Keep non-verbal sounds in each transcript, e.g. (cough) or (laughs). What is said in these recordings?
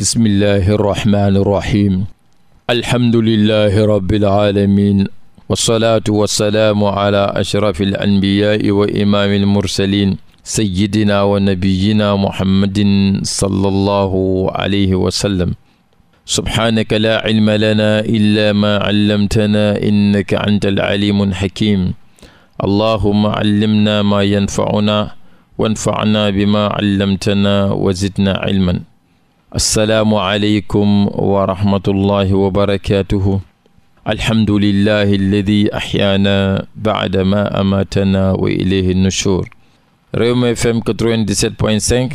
bismillahi irrahmani irrahim alhamdulilahi rabiilalamin walsalaatu walsalaamu ala ashrafi alanbiyaai wa imaami almursalin sayidina wa nabiyina muhammadin sala allahu alayhi wa sallam subhaanaka laa cilma lana illa maa callamtana innaka anta alcalimu alxakim allahuma callimna maa yanfacunaa wanfacnaa bimaa callamtana wa zidna cilman asalaamualeykum wa rahmatullahi wa barakaatuhu alhamdulillahi alladi axyaana baada ma amaatana wa ilayhi nushur Rewmi FM 97.5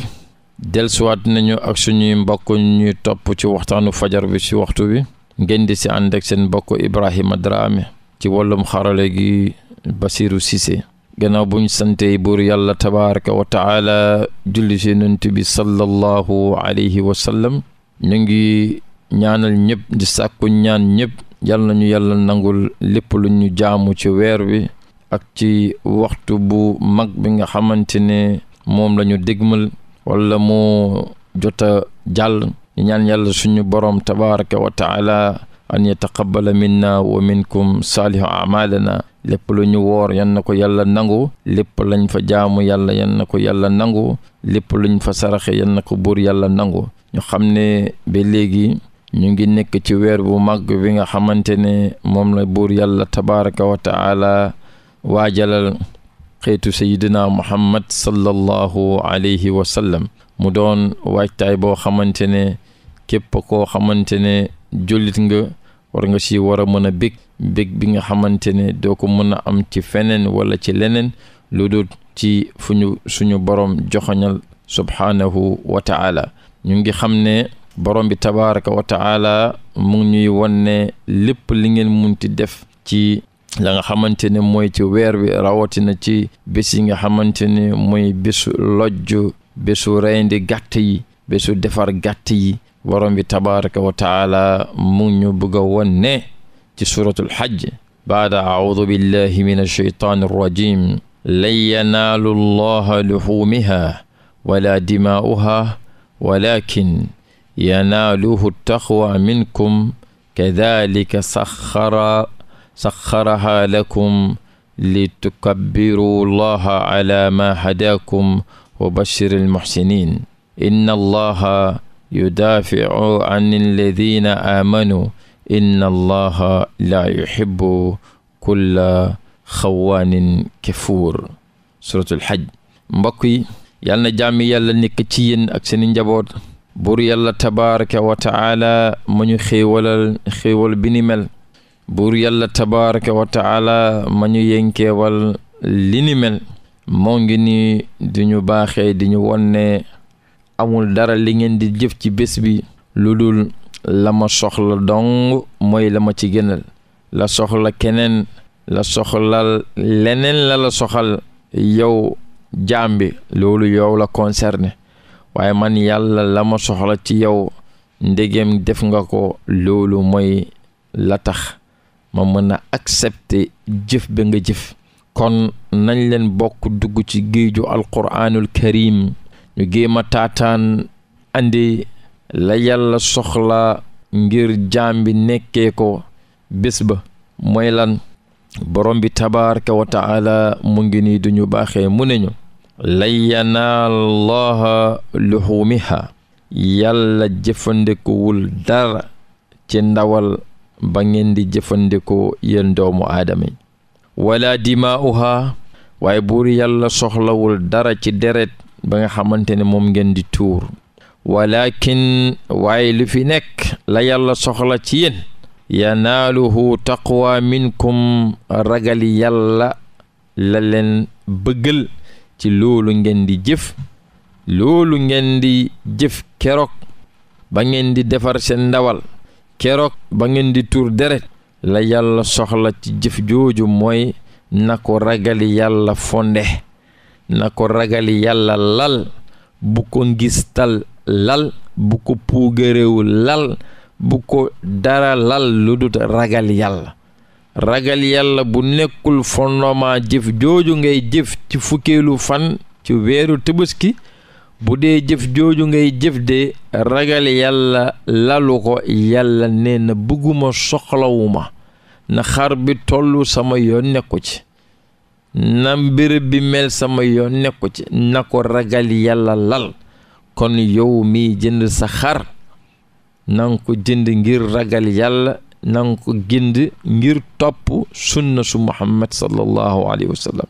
delsuwaat nañu ak suñuy mbokk ñuy topp ci waxtaanu fajar bi ci waxtu bi ngeen di si ànd ak seen mbokk Ibrahima Drame ci wàllum xarale gi Basiru Cissé gannaaw buñ santey buur yàlla tabaraka wa taala julli si nant bi sallallahu alayhi wa sallam ñu ngi ñaanal ñëpp di sàkku ñaan ñëpp yal nañu yàlla nangul lépp lu ñu jaamu ci weer wi ak ci waxtu bu mag bi nga xamante ne moom lañu ñu dégmal walla moo jot a jàll ñu ñaan yàlla suñu borom tabaraka wa taala an yataqabbala minna wa minkum saalihu amalana lépp lu ñu woor yan na ko yàlla nangu lépp lañ fa jaamu yàlla yan na ko yàlla nangu lépp luñ fa saraxe yan na ko buur yàlla nangu ñu xam ne ba léegi ñu ngi nekk ci weer bu màgg wi nga xamante ne moom la buur yàlla tabaraka wa taala waajalal xeetu sayidina muhammad sallallahu alayhi wa sallam mu doon waajtaay boo xamante ne képp koo xamante ne jullit nga war nga si war a mën a bég bég bi nga xamante ne doo ko mën a am ci feneen wala ci leneen lu dul ci fu ñu suñu borom joxoñal subhaanahu wa taala ñu ngi xam ne borom bi tabaraka wa taala mu ñuy wan ne lépp li ngeen munti def ci la nga xamante ne mooy ci weer wi rawatina ci bés yi nga xamante ne mooy bésu lojj bésu reyndi gàtt yi bésu defar gàtt yi borom bi tabaraka wa taala mu ñu bëgg a won ne ci suratul hajj baada audu billahi min alsheytaan arrajim lan yanaalu allaha luhuumiha wala dimaa'uha walakin yanaaluhu taqwa minkum kadalika saxara saxaraha lakum li tukabbiru allaha ala ma hadaakum wa bashir almuxsinin inna allaha yudaaficu an alladina aamanu inna allaha la yuhibbu kulla xawaanin kafuur suratul hajj mbokk yi yal na jàmmi yàlla nekk ci yéen ak seeni njaboot buur yàlla tabaraka wa taala mu ñu xéewalal mel buur yàlla tabaraka wa taala ma ñu yénkeewal li mel moo ngi ni di ñu baaxee wonne amul dara li ngeen di jëf ci bés bi lu dul la ma soxla dong mooy la ma ci gënal la soxla keneen la soxlal leneen la la soxal yow jaam bi loolu yow la concerné waaye man yàlla la ma soxla ci yow ndegem def nga ko loolu mooy la tax ma mën a accepter jëf ba nga jëf kon nañ leen bokk dugg ci géeju alquraanul karim ñu géem a taataan andi la yàlla soxla ngir jaam bi nekkee ko bés ba mooy lan borom bi tabaraka wa mu ngi nii du ñu baaxee mu ne ñu lan yanaalallaha luhumiha yàlla jëfandikuwul dara ci ndawal ba ngeen di jëfandikoo yéen doomu aadama yi wala dimaa'uha waaye buur yàlla soxlawul dara ci deret ba nga xamante ne moom ngeen di tuur walakin waaye lu fi nekk la yàlla soxla ci yéen yanaaluhu taqwa minkum ragali yàlla la leen bëggal ci loolu ngeen di jëf loolu ngeen di jëf keroog ba ngeen di defar seen ndawal keroog ba ngeen di tuur deret la yàlla soxla ci jëf jooju mooy na ko ragali yàlla fonde na ko ragal yàlla lal bu ko ngistal lal bu ko puugaréewu lal bu ko dara lal lu dut ragal yàlla ragal yàlla bu nekkul fondement jëf jooju ngay jëf ci fukkeelu fan ci weeru tëbaski bu dee jëf jooju ngay jëf de ragal yàlla lalu ko yàlla nee na bëgguma soxlawuma na xar bi tollu sama yoon nekku ci na mbir bi mel sama yoon nekku ci na ko ragal yàlla lal kon yow mi jënd sa xar na ko jënd ngir ragal yàlla na ko jënd ngir topp sunna muhammad sallallahu alayhi wa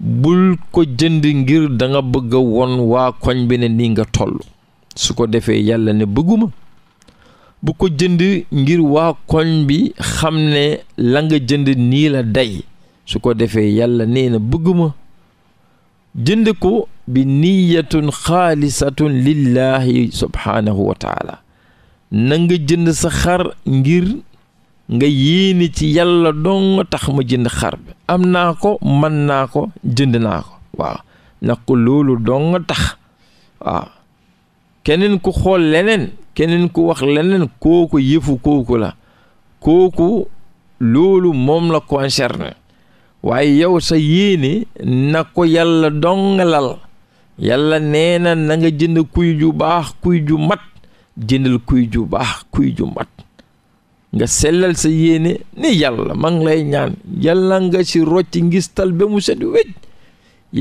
bul ko jënd ngir da nga bëgg a won waa koñ bi ne nii nga toll su ko defee yàlla ne bëgguma bu ko jënd ngir waa koñ bi xam ne la nga jënd nii la day su ko defee yàlla nee na bëgguma jënd ko bi niyatun xaalisatun lillahi subhaanahu wa taala na jënd sa xar ngir nga yéene ci yàlla dong tax ma jënd xar bi am naa ko mën naa ko jënd naa ko waaw nag ko loolu dong tax waaw keneen ku xool leneen keneen ku wax leneen kooku yëfu kooku la kooku loolu moom la concerné waaye yow sa yéene na ko yàlla dongalal yàlla nee na na jënd kuy ju baax kuy ju mat jëndal kuy ju baax kuy ju mat nga sellal sa yéene ni yàlla man ngi lay ñaan yàlla nga ci rocc ngistal ba mu set wécc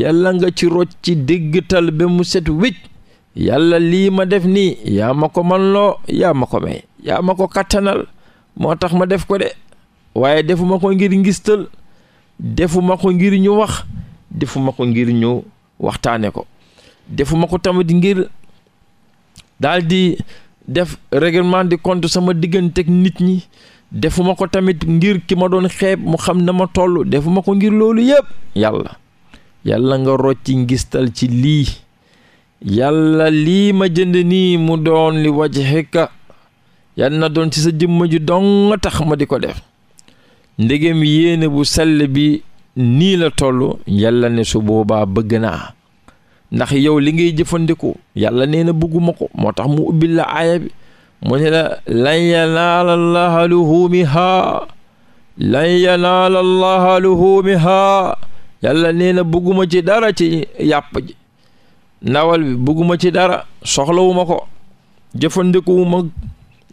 yàlla nga ci rocc ci déggtal ba mu set wécc yàlla lii ma def nii yaa ma ko manloo loo yaa ma ko may yaa ma ko kattanal moo tax ma def ko de waaye defuma ko ngir ngistal defuma ko ngir ñu wax defuma ko ngir ñu waxtaane ko defuma ko tamit ngir daal di def règlement de compte sama diggante ak nit ñi defuma ko tamit ngir ki ma doon xeeb mu xam na ma toll defuma ko ngir loolu yépp yàlla yàlla nga rocci ngistal ci lii yàlla lii ma jënd nii mu doon li wajhika yàlla na doon ci sa jëmm ju dong tax ma di ko def ndegem yéene bu sell bi nii la toll yàlla ne su boobaa bëgg naa ndax yow li ngay jëfandikoo yàlla nee na bëgguma ko moo tax mu ubbil la aaya bi mu ne la lan yanaala llaha luhuumihaa lan yanaala llaha luhuumihaa yàlla nee na bëgguma ci dara ci yàpp ji ndawal bi bëgguma ci dara soxlawuma ko jëfandikuwuma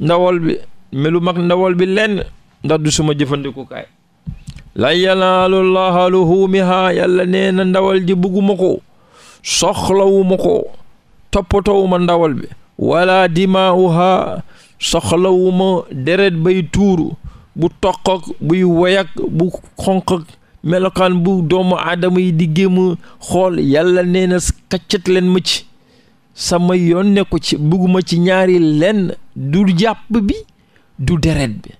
ndawal bi melu mag ndawal bi lenn ndax du suma jëfandikukaay la yanaalu llaha luhuumihaa yàlla nee na ndawal ji bugguma ko soxlawuma ko toppatawuma ndawal bi wala dimaauhaa soxlawuma deret bay tuuru bu toqak buy woyak bu xonqak melokaan bu doomu aadama yi di gémm xool yàlla nee na kaccat leen ma ci sama yoon ne ko ci bugguma ci ñaari lenn du jàpp bi du deret bi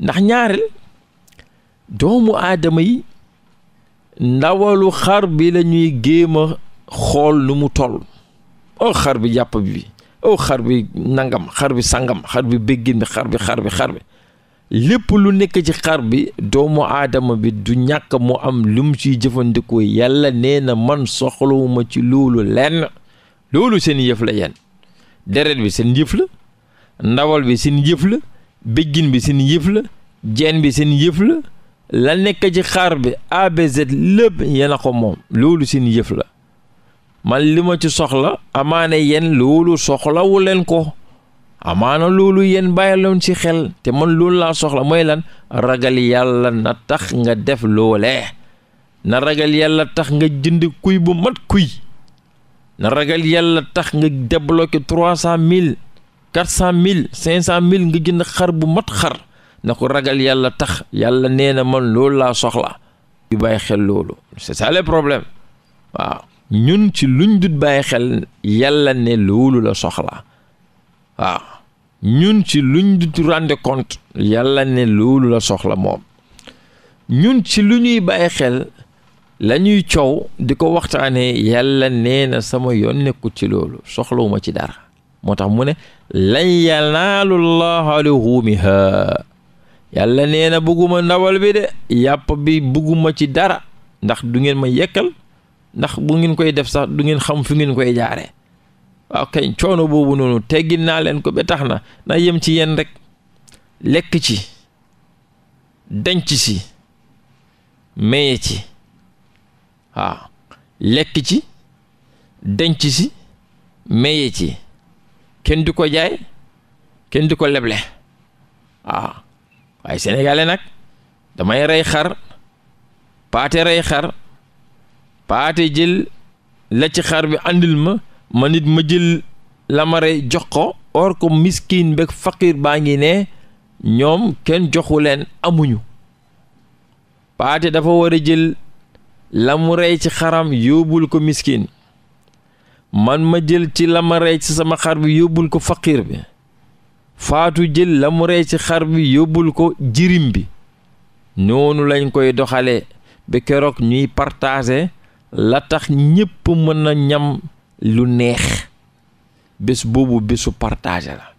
ndax ñaareel doomu aadama yi ndawalu xar bi la ñuy xool nu mu toll oh xar bi yàpp bi oh xar bi nangam xar bi sangam xar bi béggin bi xar bi xar bi lépp lu nekk ci xar bi doomu aadama bi du ñàkk mu am lu mu jëfandikoo yàlla nee na man soxlawuma ci loolu lenn loolu seen yëfla la yéen deret bi seen yëf ndawal bi seen yëf béjjin bi seen yëf la jeen bi seen yëf la la nekk ci xaar bi abz lépp yéen a ko moom loolu seen yëf la man li ma ci soxla amaane yéen loolu soxlawu leen ko amaana loolu yéen bàyyiloon ci xel te man loolu laa soxla mooy lan ragal yàlla na tax nga def loolee na ragal yàlla tax nga jënd kuy bu mat kuy na ragal yàlla tax nga débloqué trois cent mille quatre cent mille cinq cent mille nga jënd xar bu mat xar na ko ragal yàlla tax yàlla nee na man loolu laa soxla yu bàyyi xel loolu c'est ça le problème waaw ñun ci luñ dut bàyyi xel yàlla ne loolu la soxla waaw ñun ci luñ yàlla ne loolu la soxla moom ñun ci lu ñuy bàyyi xel la ñuy coow di ko waxtaanee yàlla nee na sama yoon nekku ci loolu soxlawuma ci dara moo tax mu ne lan yanaalu llaha luhuumiha yàlla nee na bugguma ndawal bi de yàpp bi bugguma ci dara ndax du ngeen ma yekkal ndax bu ngeen koy def sax du ngeen xam fu ngeen koy jaare waaw kañ coono boobu noonu teggin naa leen ko ba tax na na yem ci yenn rek lekk ci denc ci maye ci waaw lekk ci denc ci maye ci kenn du ko jaay kenn du ko leble waaw ah, waaye sénégalais nag damay rey xar paate rey xar paate jël la ci xar bi àndil ma ma nit ma jël la ma rey jox ko or ko miskin beeg faqir baa ngi ne ñoom kenn joxu leen amuñu paate dafa war a jël la mu rey ci xaram yóbbul ko miskin man ma jël ci la ma ci sama xar bi yóbbul ko faqiir bi faatu jël la mu ci xar bi yóbbul ko jirim bi noonu lañ koy doxalee bi keroog ñuy partager la tax ñépp mën a ñam lu neex bés boobu bésu partage la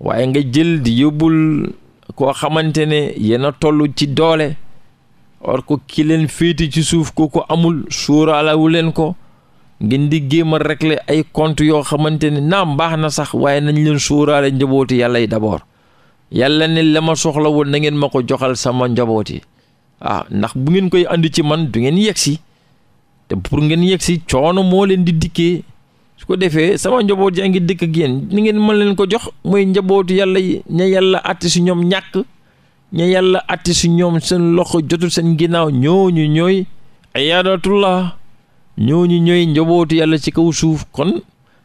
waaye nga jël di yóbbul koo xamante ne yéen a toll ci doole or ko ki leen féete ci suuf ko ko amul sóoraalawuleen ko ngeen di géem a régler ay compte yoo xamante ne naam baax na sax waaye nañ leen sóoraale njabooti yàlla yi d'abord yàlla ne la ma soxla woon na ngeen ma ko joxal sama njaboot yi ah ndax bu ngeen koy andi ci man du ngeen yegg si te pour ngeen yegg si coono moo leen di dikkee su ko defee sama njaboot yaa ngi dëkk ak yéen ni ngeen mën leen ko jox mooy njabootu yàlla yi ña yàlla atti si ñoom ñàkk ña yàlla atti si ñoom seen loxo jotul seen ginnaaw ñooñu ñooy iyadatullah ñooñu ñooy njabootu yàlla ci kaw suuf kon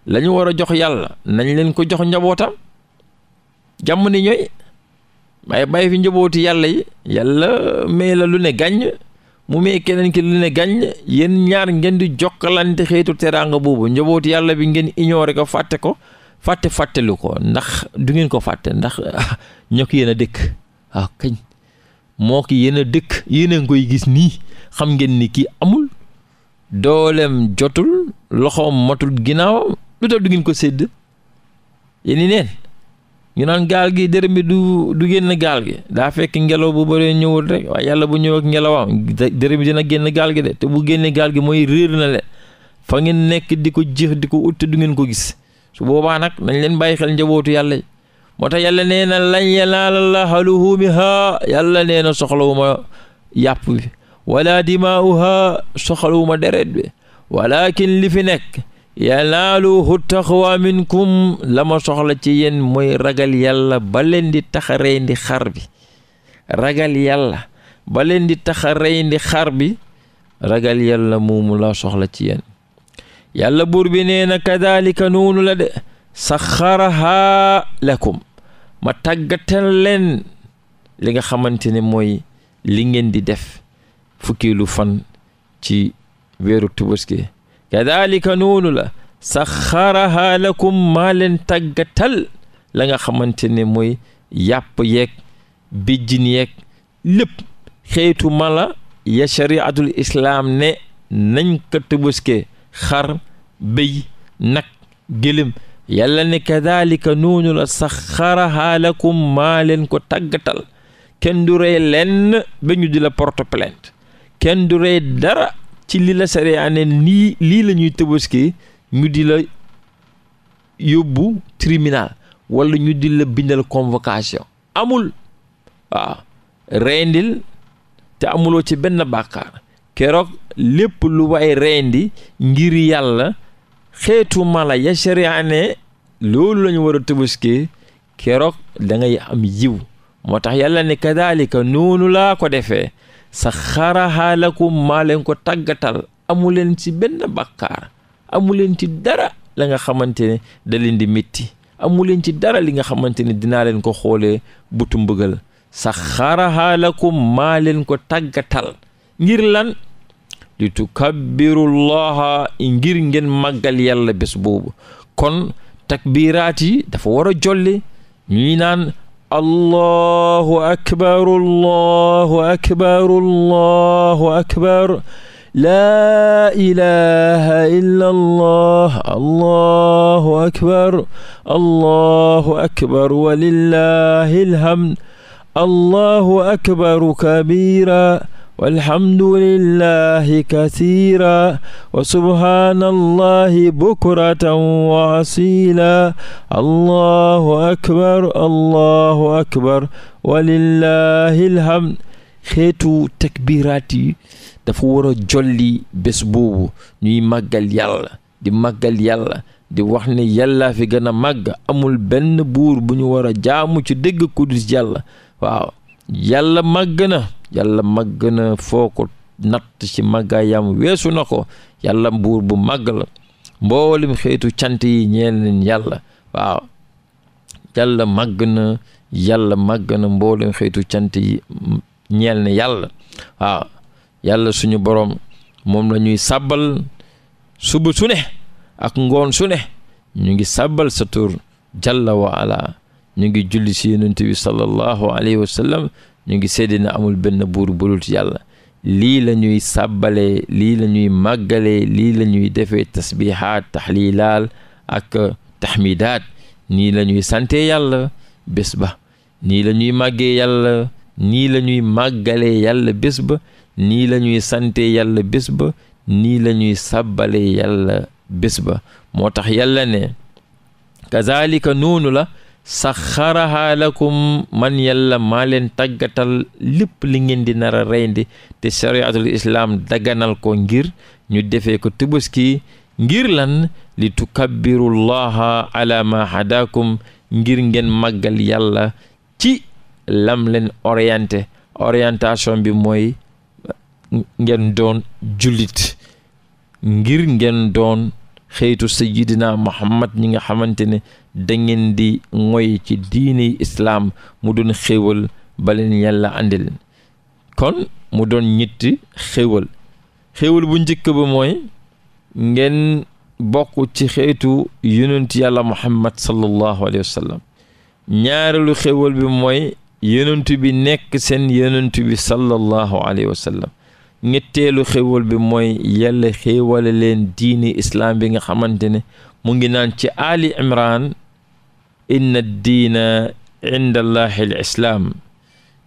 lañu war a jox yàlla nañu leen ko jox njabootam jàmm ni ñooy waaye bàyyi fi njabootu yàlla yi yàlla may la lu ne gàññ mu may keneen ki lu ne gàññ yéen ñaar ngeen di jokkalante xeetu teraanga boobu njabootu yàlla bi ngeen ignoré ko fàtte ko fàtte fàttelu ko ndax du ngeen ko fàtte ndax (laughs) ñokk ko yéen a dëkk waaw kañ moo ko yéen dëkk yéen koy gis nii xam ngeen ni kii amul dooleem jotul loxoom matul ginnaaw lu tax du ngeen ko sedd yéen i neen ñu naan gaal gi dërëm bi du du génn gaal gi daa fekk ngelaw bu baree ñëwul rek waaye yàlla bu ñëw ak ngelawam dërëm bi dina génn gaal gi de te bu génne gaal gi mooy réer na leen fa ngeen nekk di ko jeex di ko ut te du ngeen ko gis su boobaa nag nañ leen bàyyi xel njabootu yàlla moo tax yàlla nee na lañ yanaala llaaha luhuumuhaa yàlla nee na soxlawuma yàpp bi wala dimaa'uha soxaluwuma deret bi walakin li fi nekk yanaaluhu taqwa minkum la ma soxla ci yéen mooy ragal yàlla ba leen di tax a xar bi ragal yàlla ba leen di tax a xar bi ragal yàlla moomu la soxla ci yéen yàlla buur bi nee na kadalika noonu la de saxaraha lakum ma tàggatal leen li nga xamante ne mooy li ngeen di def fukkilu fan ci weeru tubaski kadalika noonu la saxaraha lakum maa leen tàggatal la nga xamante ne mooy yàpp yeeg bijjin yeeg lépp xeetu mala ya chariatul islaam ne nañ ko tubaske xar béy nag gëlëm yàlla ne kadalika noonu la saxaraha lakum maa leen ko tàggatal kenn du rey leen ba ñu di la porte kenn du rey dara ci li la sariya nii lii la ñuy tëbaskee ñu di la yóbbu tribunal wala ñu di la bindal convocation amul waaw reyndil te amuloo ci benn bàkkaar keroog lépp lu waay reyndi ngir yàlla xeetu mala ya sariya loolu lañu ñu war a tëbaskee keroog dangay am yiw moo tax yàlla ne kadalika noonu laa ko defee saxarahaa lakum maa leen ko tàggatal amu leen ci benn bàkkaar amu leen ci dara la nga xamante ne da leen di metti amu leen ci dara li nga xamante ne dinaa leen ko xoolee butu mbëggal saxarahaa lakum maa leen ko tàggatal ngir lan li tukabbirullaha ngir ngeen màggal yàlla bés boobu kon takbiraat dafa war a jolli ñuy naan allahu akbar allahu akbar allahu akbar laa ilaha illa allah allahu akbar allahu akbar walillahi alhamd allahu akbar kabiira walhamdulillahi kasiira wa subhaanallahi bukratan wa allahu akbar allahu akbar walillahi alhamd xeetu takbiraat dafa war a jolli bés boobu ñuy màggal yàlla di màggal yàlla di wax ne yàllaa fi gën a màgg amul benn buur bu ñu war a jaamu ci dëgg ku yàlla waaw yàlla màgg na yàlla màgg na foo ko natt ci màggaayam weesu na ko yàlla buur bu màgg la mboolim xeetu cant yi ñeel nañ yàlla waaw yàlla màgg na yàlla màgg xeetu cant yi yàlla waaw suñu boroom moom la ñuy sàbbal suba su ne ak ngoon su ne ñu ngi sàbbal sa tur jalla wa ala ñu ngi julli si yonent bi sallallahu alayhi wa ñu ngi seede na amul benn buur bu yàlla lii la ñuy sàbbalee lii la ñuy màggalee lii la ñuy defee tasbihaat tahlilaal ak tahmidaat nii lañuy ñuy sante yàlla bés ba nii lañuy màggee yàlla nii la ñuy màggalee yàlla bés ba nii la ñuy sante yàlla bés ba nii lañuy sàbbale sàbbalee yàlla bés ba moo tax yàlla ne kazalika noonu la saxaraha lakum man yàlla maa leen tàggatal lépp li ngeen di nara a reyndi te shariatul islaam daganal ko ngir ñu defee ko tëbaski ngir lan li tukabbirullaha ala ma hadakum ngir ngeen màggal yàlla ci lam leen orienté orientation bi mooy ngeen doon jullit ngir ngeen doon xëytu sayyidina muhammad ñi nga xamante ne da ngeen di ngoy ci diini islaam mu doon xéewal baleen yàlla àndil kon mu doon ñitti xéewal xéewal bu njëkk ba mooy ngeen bokk ci xeetu yonent yàlla muhammad sallallahu alayhi wa sallam ñaareelu xéewal bi mooy yonent bi nekk seen yonent bi sallallahu alayhi wa sallam ñetteelu xéewal bi mooy yàlla xéewale leen diini islaam bi nga xamante ne mu ngi naan ci ali imran inna diina inda allahi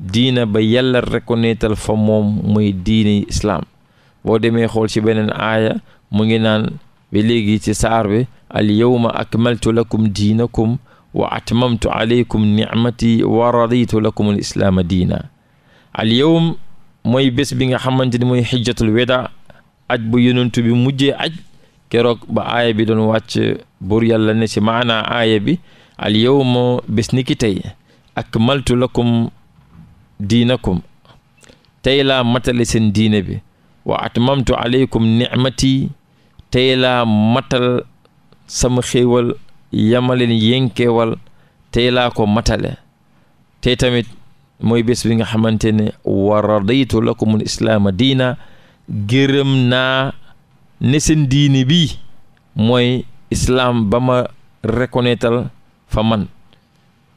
diina ba yàlla reconnaître fa moom mooy diini islaam boo demee xool ci beneen aaya mu ngi naan ba léegi ci saar bi al yawma akmaltu lakum diinakum wa atmamtu aleykum nicmati wa raditu lakum al diina al yawm mooy bés bi nga xamante ni mooy xijjatul weda aj bu yonentu bi mujjee aj keroog ba aaya bi doon wàcc buur yàlla ne ci maanaa aaya bi al yawma bés ni ki tey akmaltu lakum diinakum tey laa matale seen diine bi wa atmamtu aleykum nicmati tey laa matal sama xéewal yamaleen yénkeewal tey laa ko matale tey tamit mooy bés bi nga xamante ne wa radaytu lakumul islaama diina gërëm naa ne seen diine bi mooy islaam ba ma reconnaître fa man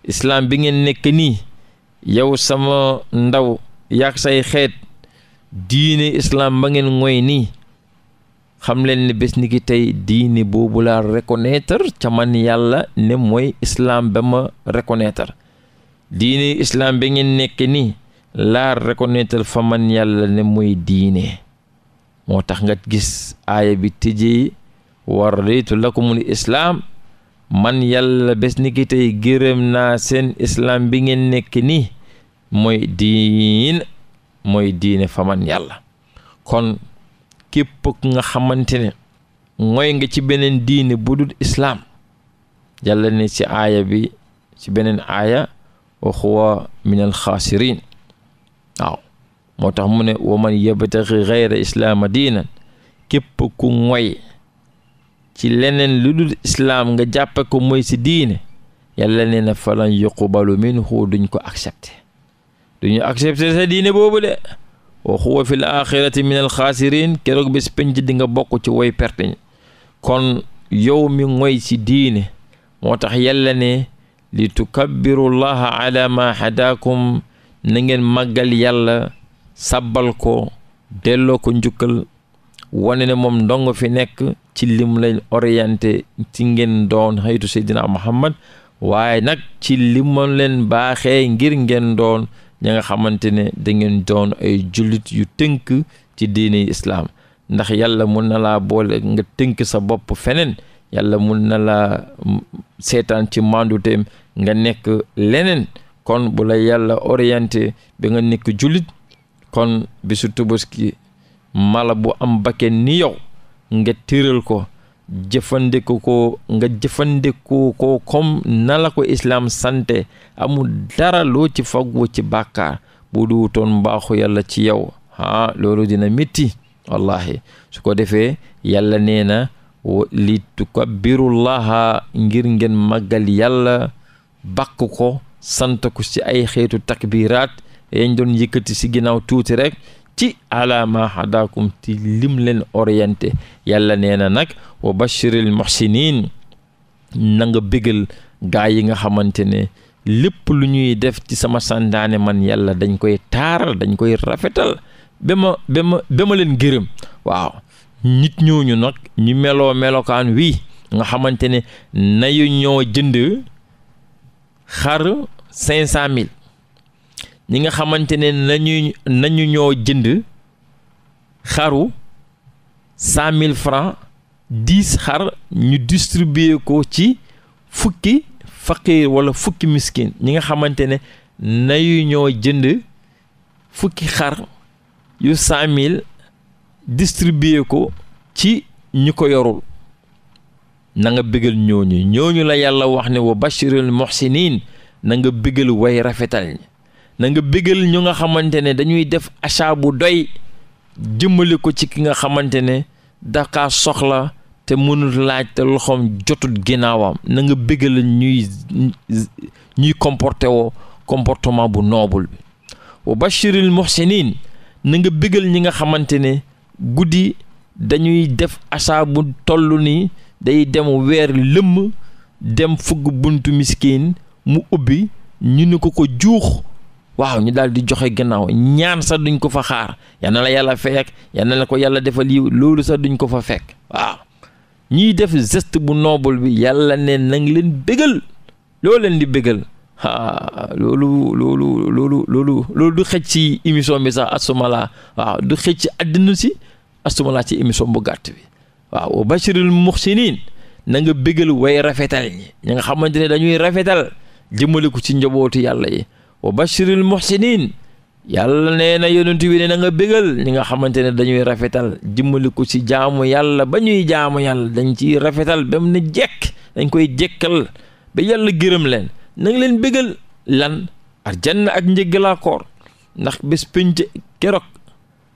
islaam bi ngeen nekk nii yow sama ndaw yàq say xeet diine islaam ba ngeen ngoy nii xam leen ne bés ni ki tey diine boobu laa reconnaître ca man yàlla ne mooy islaam ba ma reconnaître diine islaam bi ngeen nekk nii laa reconnaître fa man yàlla ne mooy diine moo tax nga gis aaya bi tëjee war reytu lakumul islaam man yàlla bés ni ki tey gërëm naa seen islam bi ngeen nekk nii mooy diin mooy diine faman yàlla kon képp nga xamante ne mooy nga ci beneen diine bu dul islaam yàlla ne ci aaya bi ci beneen aaya wa huwa min waaw moo tax mu ne wa man yabtaxi gayra islaama diinan képp ku moy ci leneen lu dul islaam nga jàppe ko mooy si diine yàlla nee na falan yuqbalu minhu duñ ko accepté duñu accepté sa diine boobu de wa huwa fil axirati min al keroog bés penc di nga bokk ci woy perte kon yow mi ngoy si diine moo tax yàlla ne li tukabbiru llaha ala hadaakum na ngeen màggal yàlla sabbal ko delloo ko njukkal wane ne moom ndongo fi nekk ci lim lañ orienté ci ngeen doon xëytu Seydina Muhammad waaye nag ci limoon leen baaxee ngir ngeen doon ña nga xamante ne da doon ay jullit yu tënk ci diini islaam ndax yàlla mun na laa boole nga tënk sa bopp feneen yàlla mun na laa seetaan ci manduteem nga nekk leneen kon bu la yàlla orienté bi nga nekk jullit kon bisu Tabaski mala bu am bakken ni yow nga tëral ko jëfandiku ko nga jëfandiku ko comme na ko islaam sante amul dara loo ci faggu ci bàkkaar bu duwutoon mbaaxu yàlla ci yow ah loolu dina metti wallahi su ko defee yàlla nee na li tukabbirullaha ngir ngeen màggal yàlla bakk ko sant ko ci ay xeetu takbiraat yañ doon yëkkati ci ginnaaw tuuti rekk ci ala ma hadakum ti lim leen orienté yàlla nee na nag wa bashiril muhsinin na nga bégal gaa yi nga xamante ne lépp lu ñuy def ci sama sandaane man yàlla dañ koy taaral dañ koy rafetal ba ma ba leen gërëm waaw nit ñooñu nag ñu meloo melokaan wi nga xamante ne nayu ñoo jënd xar cinq cent ñi nga xamante ne nañu ñoo jënd xaru cent mille francs dix xar ñu distribuer ko ci fukki faqiir wala fukki miskin ñi nga xamante ne nañu ñoo jënd fukki xar yu cent mille distribuer ko ci ñu ko yorul na nga ñu ñooñu ñooñu la yàlla wax ne wa bashiril muhsinin na nga bégal way rafetal ñi na nga bégal ñu nga xamante ne dañuy def achat bu doy jëmmale ko ci ki nga xamante ne daka soxla te mënul laaj te loxoom jotut ginnaawam na bégal ñuy ñuy comporté woo comportement bu noble bi wa bashiril muhsinin na nga bégal ñi nga xamante ne guddi dañuy def achat bu toll ni day dem weer lëmm dem fugg buntu miskin mu ubbi ñu ni ko ko juux waaw ñu daal di joxe gannaaw ñaan sax duñ ko fa xaar yal na la yàlla fekk yal na la ko yàlla defal yiw loolu sax duñ ko fa fekk waaw ñiy def geste bu noble bi yàlla ne nang leen bégal loo leen di bégal ah loolu loolu loolu loolu du xëj ci émission bi sax asumala waaw du xëj ci àddina si astumalaa ci émission bu gàtt bi waaw wa bashiril muxsinin na nga bégal way rafetal ñi ñi nga xamante ne dañuy rafetal jëmale ko ci njabootu yàlla yi wa bashiril muhsinin yàlla nee na yonent bi ne na nga bégal ñi nga xamante ne dañuy rafetal dimbali ko ci jaamu yàlla ba ñuy jaamu yàlla dañ ciy rafetal ba mu ne jekk dañ koy jekkal ba yàlla gërëm leen na leen bégal lan arjanna ak njëggalaa koor ndax bés pénc keroog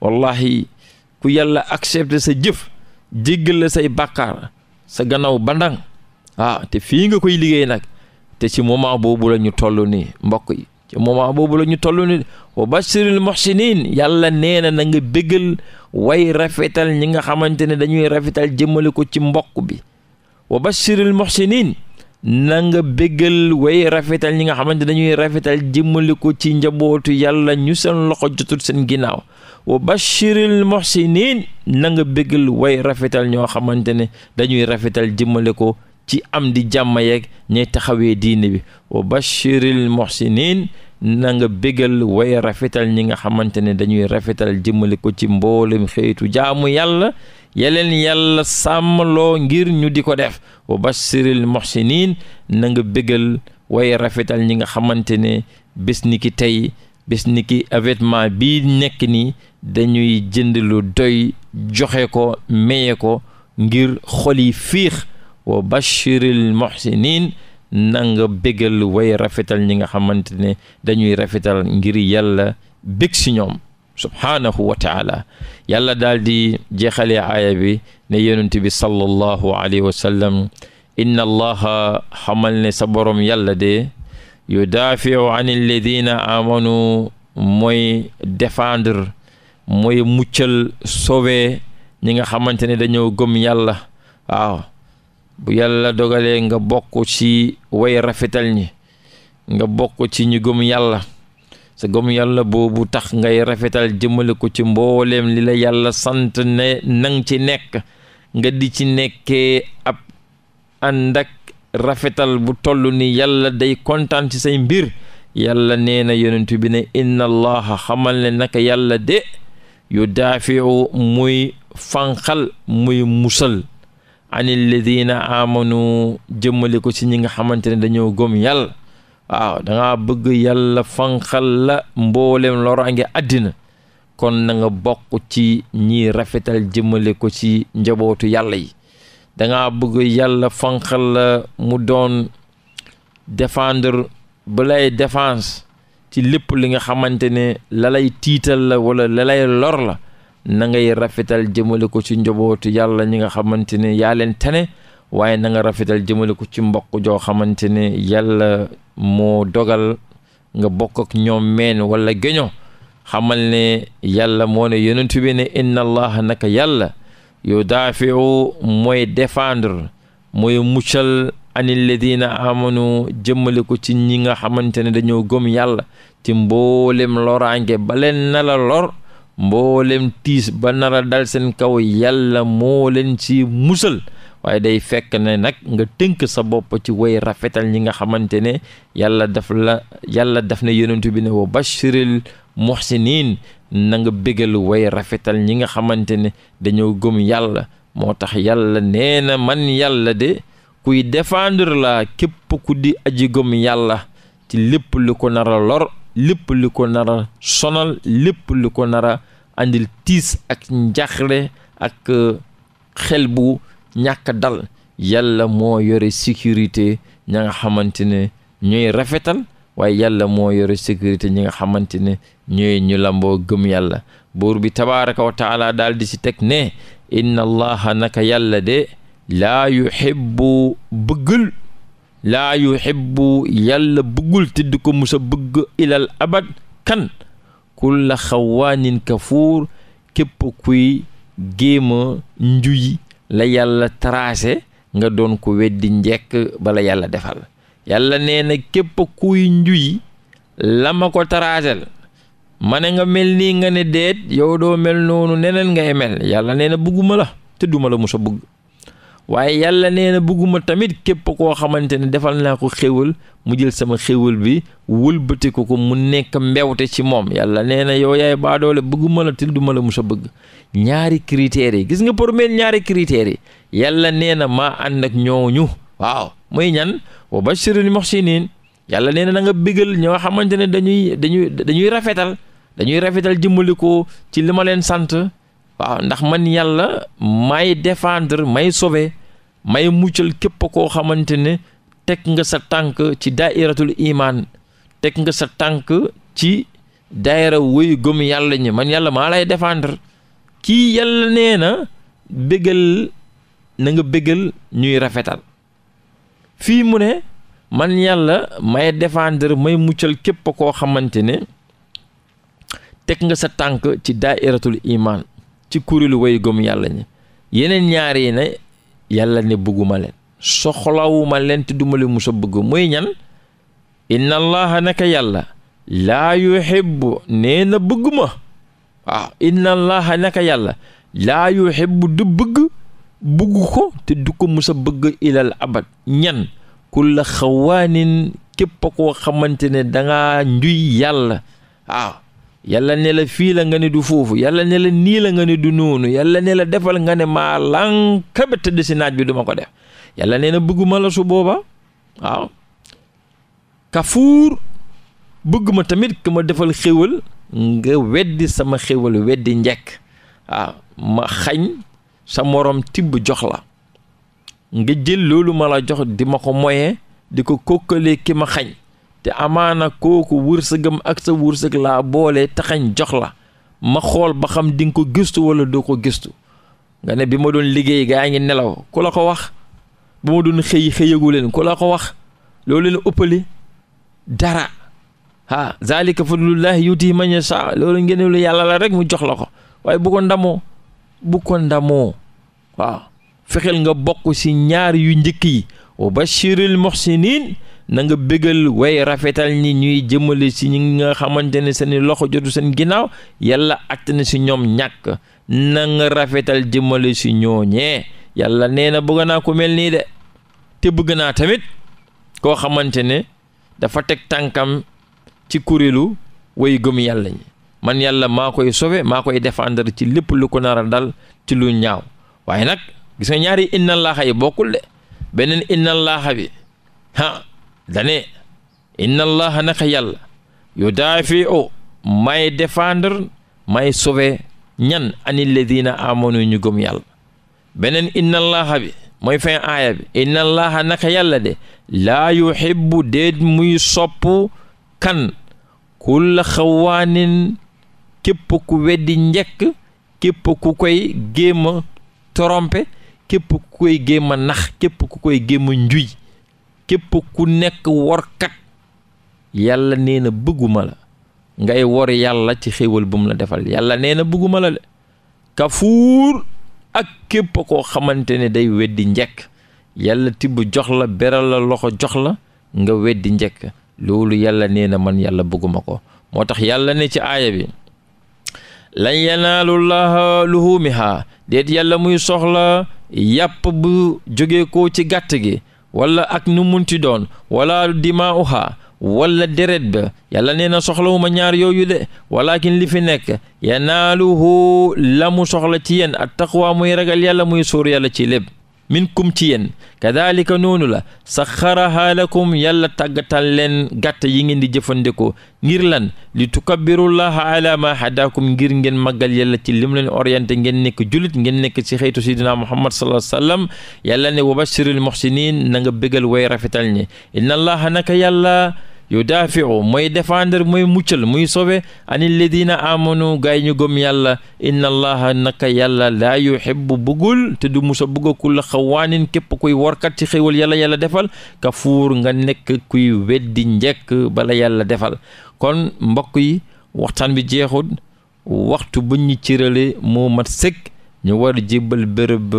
wallahi ku yàlla accepté sa jëf jéggal la say bàkkaar sa gannaaw bandang ah te fii nga koy liggéey nag te ci moment boobu la ñu toll nii mbokk yi ci moment boobu la ñu toll ni wa bashiril muhsinin yàlla nee na na nga bégal way rafetal ñi nga xamante ne dañuy rafetal jëmale ko ci mbokk bi wa bashiril muhsinin na nga bégal way rafetal ñi nga xamante ne dañuy rafetal jëmmali ko ci njabootu yàlla ñu seen loxo jotul seen ginnaaw wa bashiril muhsinin na nga bégal way rafetal ñoo xamante ne dañuy rafetal jëmmali ko ci am di jàmm yeeg ñay taxawee diine bi wa bashiril muhsinin nanga nga bégal rafetal ñi nga xamante ne dañuy rafetal jëmale ko ci mboolem xeetu jaamu yàlla yeleen yàlla sàmmaloo ngir ñu di ko def wa bashiril muhsinin na nga bégal way rafetal ñi nga xamante ne bés ni ki tey bés ni ki avènement bii nekk ni dañuy jënd lu doy joxe ko maye ko ngir xol yi fiix wa bashiril muhsinin na nga way rafetal ñi nga xamante ne dañuy rafetal ngir yàlla bég si ñoom subhaanahu wa taala yàlla daal di jeexalee aaya bi ne yonent bi sallallahu alayhi wa sallam inna allaha xamal ne sa borom yàlla de yudaafiu an alladina amanu mooy défendre mooy muccal sauver ñi nga xamante ne dañoo gëm yàlla bu yàlla dogalee nga bokk ci way rafetal ñi nga bokk ci ñu gëm yàlla sa gëm yàlla boobu tax ngay rafetal jëmale ko ci mbooleem li la yàlla sant ne nang ci nekk nga di ci nekkee ab ànd ak rafetal bu toll ni yàlla day kontaan ci say mbir yàlla nee na yonent bi na inna allaha xamal ne naka yàlla de yu daafiu muy fanqal muy musal anil na amanu jëmmale ko ci ñi nga xamante ne dañoo gëm yàlla waaw danga bëgg yàlla fanqal la mboolem ngi àddina kon na nga bokk ci ñi rafetal jëmmale ko ci njabootu yàlla yi danga bëgg yàlla fanqal la mu doon défendre balay défense ci lépp li nga xamante ne la tiital la wala la lor la na ngay rafetal jëmale ko ci njobootu yàlla ñi nga xamante ne yaa leen tane waaye na nga rafetal jëmale ko ci mbokk joo xamante ne yàlla moo dogal nga bokk ñoom meen wala géño xamal ne yàlla moo ne yonent bi ne inna allaha naka yàlla yudaafiu mooy défendre mooy muccal anil diina amanu jëmmale ko ci ñi nga xamante ne dañoo gëm yàlla ci mboolem loraange baleen na la lor mboolem tiis ba nar a dal seen kaw yàlla moo leen ci musal waaye day fekk ne nag nga tënk sa bopp ci woy rafetal ñi nga xamante ne yàlla daf la yàlla daf ne yonentu bi ne wa bashiril muhsinin na nga bégal woy rafetal ñi nga xamante ne dañoo gëm yàlla moo tax yàlla nee na man yàlla de kuy défendre la képp ku di aji gëm yàlla ci lépp lu ko nar a lor lépp lu ko nara a sonal lépp lu ko nara a andil tiis ak njaaxle ak euh, xel bu ñàkk dal yàlla moo yore sécurité ña nga xamante ne ñooy rafetal waaye yàlla moo yore sécurité ñi nga xamante ne ñooy ñu lamboo gëm yàlla buur bi tabaraka wa taala daal di si teg ne inna allaha naka yàlla de laa yuhibbu bëggul laa yuhibbu yàlla bëggul tëdd ko musa bëgg ilal abad kan kulla xawaanin kafuur képp kuy géema njuy la yàlla tracé nga doon ko weddi njekk bala yàlla defal yàlla nee na képp kuy njuy la ma ko tracel ma ne nga mel nii nga ne deet yow doo mel noonu neneen nga mel yàlla nee na bëgguma la tëdduma la musa bëgg waaye yàlla nee na bëgguma tamit képp koo xamante ne defal naa ko xéwal mu jël sama xéwal bi wëlbati ko ko mu nekk mbewte ci moom yàlla nee na yow yaay baadoole bëgguma la til duma la mus a bëgg ñaari critères yi gis nga pour mel ñaari critères yi yàlla nee na maa ànd ak ñooñu waaw muy ñan wa bashiril muhsinin yàlla nee na na nga béggal ñoo xamante ne dañuy dañuy dañuy rafetal dañuy rafetal jëmmali ko ci li ma leen sant waaw ndax man yàlla may défendre may sauver may muccal képp koo xamante ne teg nga sa tànk ci daairatul imaan teg nga sa tànk ci daaira woyu gëm yàlla ñi man yàlla maa lay défendre kii yàlla nee na bégal na nga bégal ñuy rafetal fii mu ne man yàlla may défendre may muccal képp koo xamante ne teg nga sa tànk ci daairatul imaan ci kuréelu way gëm yàlla ñi yeneen ñaar yi ne yàlla ne bëgguma leen soxlawuma leen te duma leen musa bëgg muy ñan inna allaha naka yàlla laa yuhibbu nee na bëgg ma waaw inna allaha naka yàlla laa yuhibbu du bëgg bëgg ko te du ko musa bëgg ilal abad ñan kulla xawaanin képp koo xamante ne danga njuy yàlla aw yàlla ne la fii la nga ne du foofu yàlla ne la nii la nga ne du noonu yàlla ne la defal nga ne maa lànk ba tëdd si naaj bi duma ko def yàlla nee na bëgguma la su booba waaw kafuur bëgguma tamit ku ma defal xéwal nga weddi sama xéwal weddi njekk ma xañ sa morom tibb jox la nga jël loolu ma la jox di ma ko moyen di ko kókkalee ki ma xañ te amaana kooku wërsëgam ak sa wursëg laa boole taxañ jox la ma xool ba xam di ko gistu wala doo ko gistu nga ne bi ma doon liggéey gaa ngi nelaw ku la ko wax ba ma doon xëy xëyagu leen ku la ko wax loolu leen ëppali dara ah zalika fadlullahi yuti man yasha loolu ngeneelu yàlla la rek mu jox la ko waaye bu ko ndamoo bu ko ndamoo waaw fexeel nga bokk si ñaar yu njëkk yi wa bashiril muhsinin na nga bégal way rafetal ni ñuy jëmale si ñi nga xamante ne seeni loxo jotu seen ginnaaw yàlla atte si ñoom ñàkk na nga rafetal jëmale si ñooñee yàlla nee na bëgg naa ko mel nii de te bëgg naa tamit koo xamante ne dafa teg tànkam ci kuréelu way gëm yàlla ñi man yàlla maa koy sauver maa koy défendre ci lépp lu ko nar a dal ci lu ñaaw waaye nag gis nga ñaari inna yi bokkul de beneen inna bi ah dane inna allaha naka yàlla yu daafi o may défendre may sauver ñan ani ledina amanu ñu gëm yàlla beneen inna allaha bi mooy fin aaya bi inna naka yàlla de laa yuhibbu déet muy sopp kan kulla xawaanin képp ku weddi njëkk képp ku koy géem a tromper képp ku koy géem a nax képp ku koy géem njuy képp ku nekk workat yàlla nee na bëgguma la ngay wor yàlla ci xéwal bu mu la defal yàlla nee na bëgguma la de kafuur ak képp koo xamante ne day weddi njekk yàlla tibb jox la beral la loxo jox la nga weddi njekk loolu yàlla nee na man yàlla bëgguma ko moo tax yàlla ne ci aaya bi lan yanaalu llaha luhumiha déet yàlla muy soxla yàpp bu jóge ko ci gàtt gi wala ak nu munti doon wala dimaa'uha wala deret ba yàlla nee na soxlawuma ñaar yooyu de walakin li fi nekk yanaaluhu la lamu soxla ci yéen at taqwa muy ragal yàlla muy sóor yàlla ci lépp minkum ci yéen kadalika noonu la saxaraha lakum yalla tàggatal leen gàtt yi ngeen di jëfandikoo ngir lan li tukabbirullaha ala ma hadakum ngir ngeen màggal yàlla ci lim leen orienté ngeen nekk julit ngeen nekk si ci xëytu sidina muhammad sallallahu alayhi wasallam yàlla ne wa bashiril muhsinin na nga bégal way rafetal ñi inna yudaafiu mooy défendre mooy muccal muy sobe anil ladina amanu gaay ñu gëm yàlla inna allaha naka yàlla laa yuhibbu bëggul te du musa bëgg kulla xawaanin képp kuy warkat ci xéwal yàlla yàlla defal kafuur nga nekk kuy weddi njekk bala yàlla defal kon mbokk yi waxtaan bi jeexul waxtu bu ñu cërale moo mat sëkk ñu war jébbal bërëb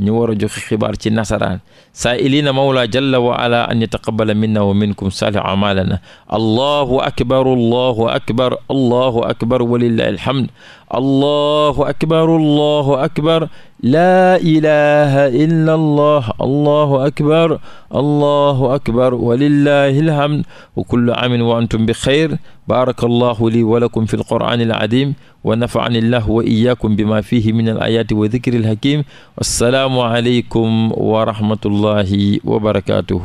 ñu war a joxe xibaar ci nasaraan saa ilina mawla jalla wa ala an yataqabala minna wa minkum saalih amalana allahu akbar allahu akbar allahu akbar walillahi alhamd allahu akbar allahu akbar laa ilaha illa allah allahu akbar allahu akbar walillahi alhamd wa kullu amin wa antum bi xeyr baraka allahu li wa lakum fi alqur'ani aladim wa nafa'ani allah wa iyyakum bima fihi min alayati wa dhikri alhakim wassalam asalaamualeykum wa rahmatullahi wa barakaatuhu.